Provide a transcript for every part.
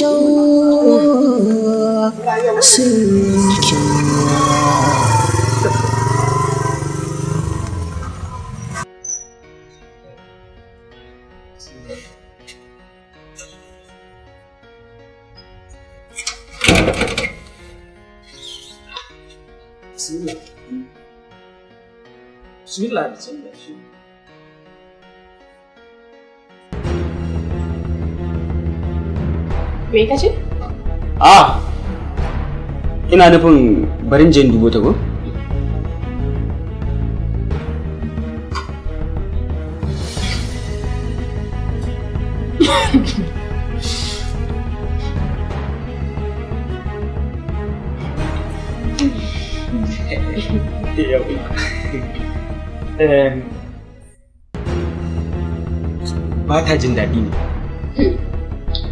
酒醉着。谁来？谁来？谁来？Me kace? Ah. Ina nufin barin jin dubu ta ba ta jin daɗi ne. Hmm.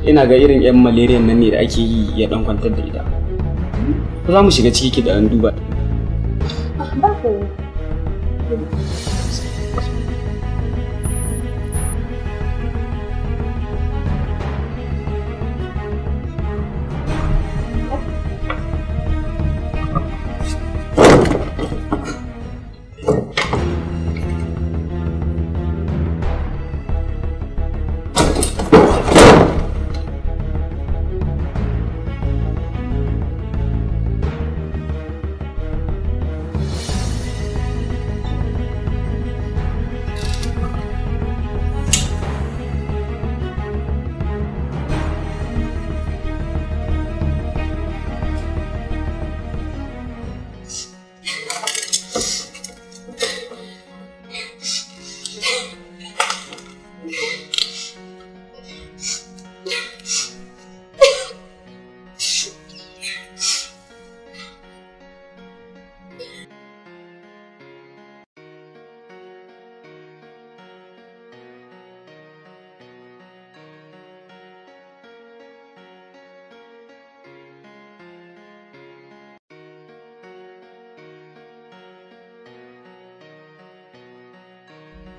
ina ga irin yan malaria nan ne da ake yi ya dan kwantar da ita ko za mu shiga ciki ki da an duba ah, ba ko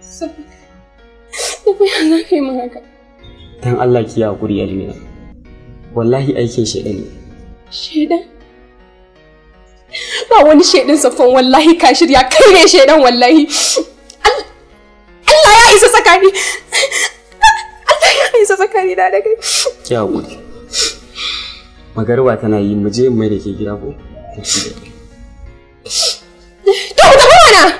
za haka. Dan Allah ki ya haƙuri Almina. Wallahi aikin shaidan ne. Shaidan? Ba wani shaidan safon wallahi ka shirya kai ne shaidan wallahi. Allah ya isa tsakani. Allah ya isa tsakani da da kai. Ki haƙuri. Magarwa tana yi mu je mai da ke gida ko? Ta huta mana!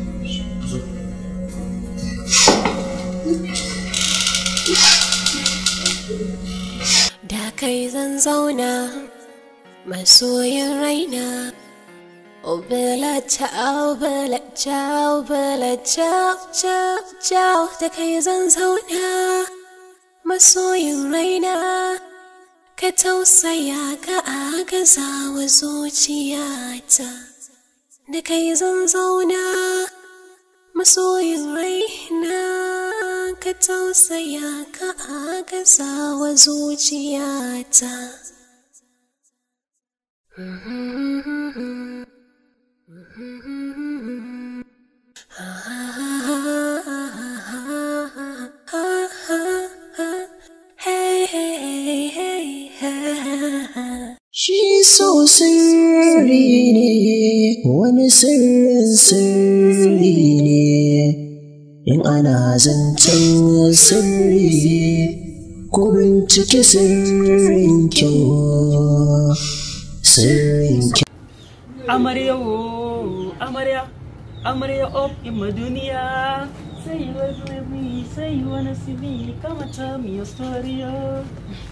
kai zan zauna masoyin raina Obela oh, Da kai zan zauna masoyin raina Ka tausaya ka agaza wa zuciyata Da kai zan zauna masoyin raina ka tausaya ka agaza wa zuciyata Shi so sirri ne, wani sirrin sirri ne. in ana zancen sirri ko bincike sirrin kyau sirrin kyau amarya wo oh, amarya amarya of ima duniya sai wani sai wani sibi kama ta miya storiyo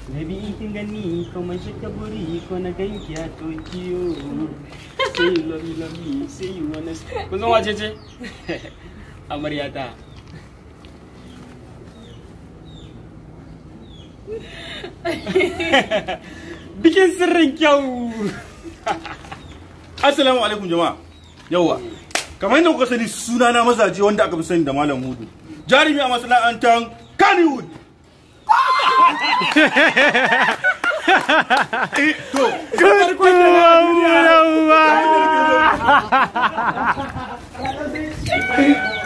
na bi kin gani kuma shi ta buri ko na ganki a tokiyo sai lami lami sai wani kun san wace amaryata bikin sirrin kyau assalamu alaikum jama'a yawa kamar yadda kuka sani suna na mazaje wanda aka fi sani da malam hudu jarumi a masana'antar kannywood to kuka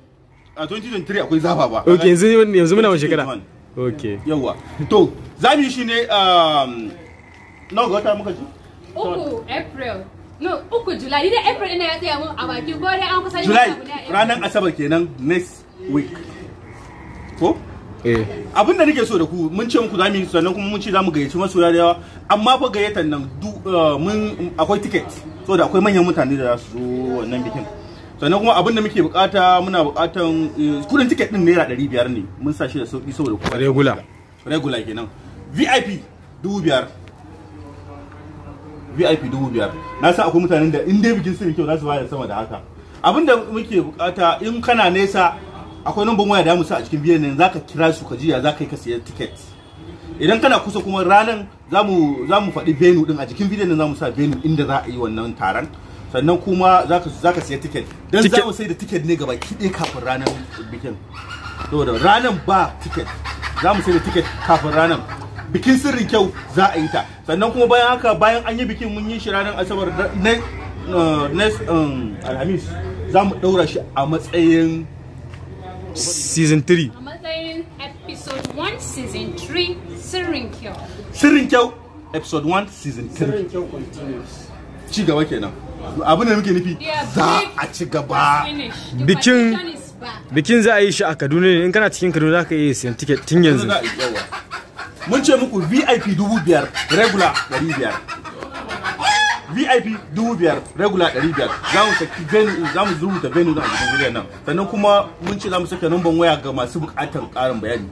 a 2023 akwai zafa ba ok yanzu yanzu muna shekara ok yawa to za mu yi shi ne um, nawa ga wata muka ji uku april no uku july ne april ina ya tsaya mun a baki ko an kusa july ranar asabar kenan next week ko eh. abin da nake so da ku mun ce muku zamu sannan kuma mun ce zamu gayyaci masoya da yawa amma fa gayyatar nan uh, mun akwai ticket so da akwai manyan mutane da za su zo wannan bikin sannan kuma abin da muke bukata muna bukatan eh, kudin tiket din naira 500 ne mun sa shi da sauki saboda kuma regular regular kenan VIP 2500 VIP 2500 na san akwai mutanen da in dai bikin sirri kyau za su bayar sama da haka abin da muke bukata in kana nesa akwai numban waya da mu sa a cikin biyan nan zaka kira su ka jiya zaka yi ka siya tiket idan kana kusa kuma ranan zamu zamu faɗi venue din a jikin bidiyon nan zamu sa venue inda za a yi wannan taron sannan kuma za ka siya tiket don za mu sai da tiket ne gaba kiɗe kafin ranar bikin saboda ranar ba tiket za mu sai da tiket kafin ranar bikin sirrin kyau za a yi ta sannan kuma bayan haka bayan an yi bikin mun yi shi ranar asabar na uh, um, alhamis za mu ɗaura shi a matsayin season 3 episode 1 season 3 sirrin kyau sirrin kyau episode 1 season 3 sirrin kyau continues ci gaba kenan abin da muke nufi za a ci gaba bikin bikin za a yi shi a kaduna ne in kana cikin kaduna za ka iya siyan tiket tun yanzu mun ce muku vip dubu biyar regular dari biyar vip dubu biyar regular dari biyar za mu saki venue za mu zuru rubuta venue na cikin wuriyar nan sannan kuma mun ce za mu saki numban waya ga masu bukatar karin bayani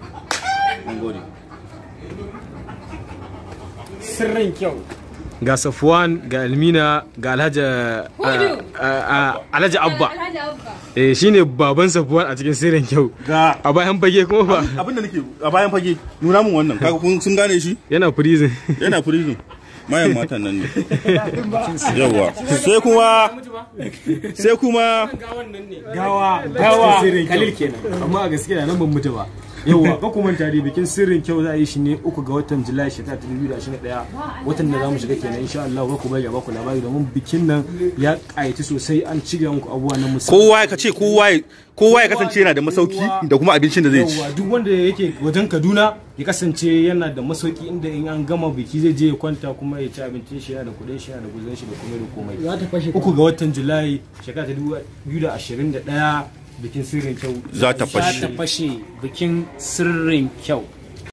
mun gode sirrin kyau ga safuwan ga almina ga alhaji abba eh, shi shine baban safuwan a cikin sirrin kyau a bayan fage kuma ba abinda nake a bayan fage nuna mun wannan kaga kun sun gane shi yana prison yana prison mayan matan nan ne yawa sai kuma sai kuma gawa gawa kalil kenan amma a gaskiya nan ban mutu ba yawa ba tare bikin sirrin kyau za a yi shi ne uku ga watan julai shekara ta dubu da ashirin da daya watan da za mu shiga kenan insha Allah ku bai ga ku labari domin bikin nan ya ƙayaci sosai an cire muku abubuwa na musamman kowa ya kace kowa kowa ya kasance yana da masauki da kuma abincin da zai ci duk wanda yake wajen Kaduna ya kasance yana da masauki inda in an gama biki zai je ya kwanta kuma ya ci abincin shi yana da kuɗin shi yana da guzon shi da komai da komai uku ga watan julai shekara ta dubu da ashirin da ɗaya bikin sirrin kyau za ta fashe bikin sirrin kyau